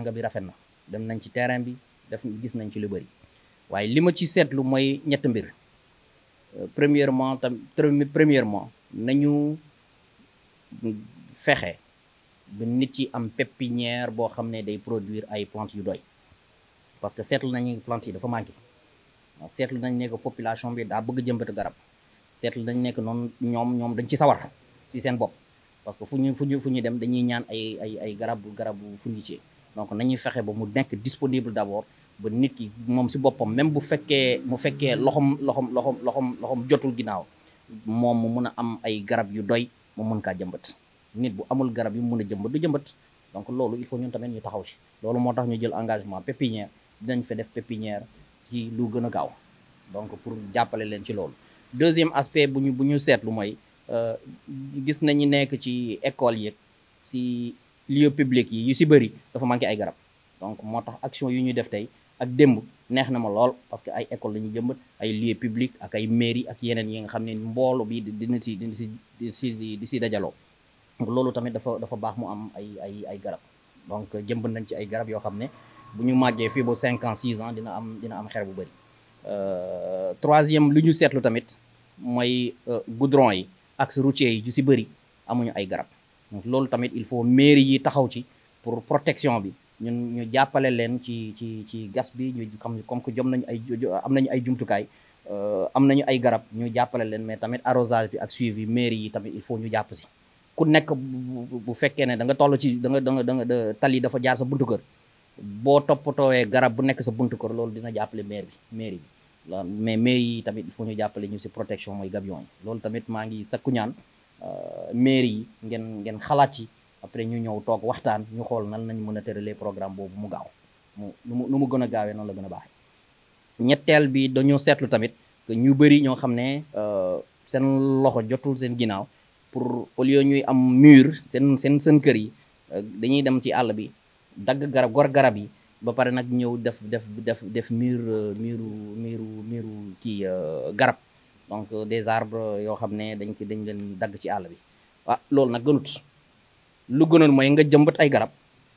teranga bi rafet na dem nañ ci terrain bi def gis nañ ci lu bëri waaye li ma ci seetlu mooy ñett mbir euh, premièrement tam premièrement nañu fexe ba nit ci am pépinière boo xam ne day produire ay plantes yu doy parce que seetlu nañu plante yi dafa manqué seetlu nañ ne que population bi daa bëgg jëmbatu garab seetlu nañ ne que noonu ñoom ñoom dañ ci sawar ci seen bopp parce que fu ñu fu ñu fu ñu dem dañuy ñaan ay ay ay garab garabu garabu fourniture donc nañuy fexe ba mu nekk disponible d'abord ba nit ki moom si boppam même bu fekkee mu fekkee loxom loxom loxom loxom loxom jotul ginnaaw moom mu mun a am ay garab yu doy mu mun kaa jëmbat nit bu amul garab yu mun a jëmbat du jëmbat donc loolu il faut ñun tamit ñu taxaw ci loolu moo tax ñu jël engagement pépinière dinañ fa def pépinière ci lu gën a gaaw donc pour jàppale leen ci loolu deuxième aspect bu ñu bu ñu seetlu mooy euh, gis nañu nekk ci école yëg si lieu public yi yu si bëri dafa manqué ay garab donc moo tax action yu ñuy def tey ak démb neex na ma lool parce que ay école la ñuy jëmbat ay lieu public ak ay mairie ak yeneen yi nga xam ne mboolo bi dina si dina si di si dajaloo loolu tamit dafa dafa baax mu am ay ay ay garab donc jëmbat nañ ci ay garab yoo xam ne bu ñu màggee fii ba cinq ans six ans dina am dina am xeer bu bëri euh, troisième lu ñu seetlu tamit mooy euh, goudron yi ak routier yi ju si bëri amuñu ay garab donc loolu tamit il faut mairie yi taxaw ci pour protection bi ñun ñu jàppale leen ci ci ci gas bi ñu xam comme que jom nañu ay am nañu ay jumtukaay euh, am nañu ay garab ñu jàppale leen mais tamit arrosage bi ak suivi mairie yi tamit il faut ñu jàpp si ku nekk bu fekkee ne da nga toll ci da nga da nga da nga tali jaar sa buntu kër boo toppatoowee garab bu nekk sa buntu kër loolu dina jàppale maire bi mairie bi mais yi tamit il faut ñu jàppale ñu si protection mooy gabion yi loolu tamit maa ngi sakku ñaan maire yi ngeen ngeen xalaat yi après ñu ñëw toog waxtaan ñu xool nan nañ mën a tëralee programme boobu mu gaaw mu nu mu nu mu gën a gaawee noonu la gën a baaxee ñetteel bi dañoo seetlu tamit ñu bëri ñoo xam ne euh, seen loxo jotul seen ginnaaw pour au ñuy am mur seen seen seen kër yi euh, dañuy dem ci àll bi dagg garab gor garab yi ba pare nag ñëw def def def def mur euh, muru muru muru kii garab donc des arbres yoo xam ne dañ dañ leen dagg ci àll bi ah loolu nag gënut lu gënoon mooy nga jëmbat ay garab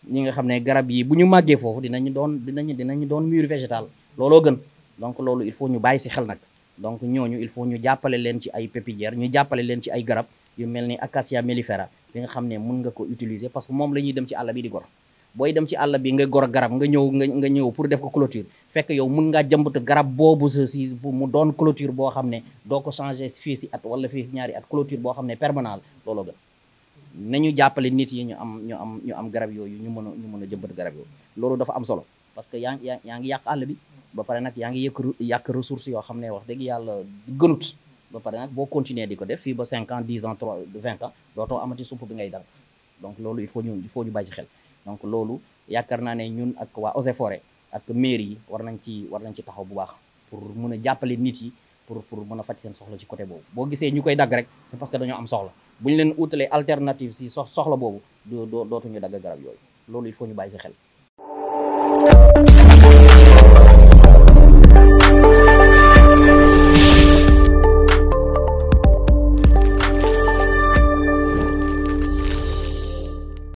ñi nga xam ne garab yi bu ñu màggee foofu dinañu doon dinañu dinañu doon mur végétal looloo gën donc loolu il faut ñu bàyyi si xel nag donc ñooñu il faut ñu jàppale leen ci ay pépinière ñu jàppale leen ci ay garab yu mel ni acacia mellifera bi nga xam ne mun nga ko utiliser parce que moom la ñuy dem ci àll di gor booy dem ci àll bi nga goro garab nga ñëw nga nga ñëw pour def ko clôture fekk yow mun ngaa jëmbat garab boobu sa si mu doon clôture boo xam ne doo ko changé fii si at wala fii ñaari at clôture boo xam ne permanent looloo gën nañu jàppale nit yi ñu am ñu am ñu am garab yooyu ñu mën a ñu mën a jëmbat garab yooyu loolu dafa am solo parce que yaa ngi yaa ngi yàq àll bi ba pare nag yaa ngi yëkk yàq ressource yoo xam ne wax dëgg yàlla gënut ba pare nag boo continuer di ko def fii ba 5 ans 10 ans 3 20 ans dootoo amati supp bi ngay dal donc loolu il faut ñu il faut ñu bàyyi ci donc loolu yaakaar naa ne ñun ak waa Eaux et Forêts ak mairie yi war nañ ci war nañ ci taxaw bu baax pour mun a jàppale nit yi pour pour mën a faj seen soxla ci côté boobu boo gisee ñu koy dagg rek c'est parce que dañoo am soxla bu ñu leen utalee alternative si sox soxla boobu doo dootuñu dagg garab yooyu loolu il faut ñu bàyyi si xel.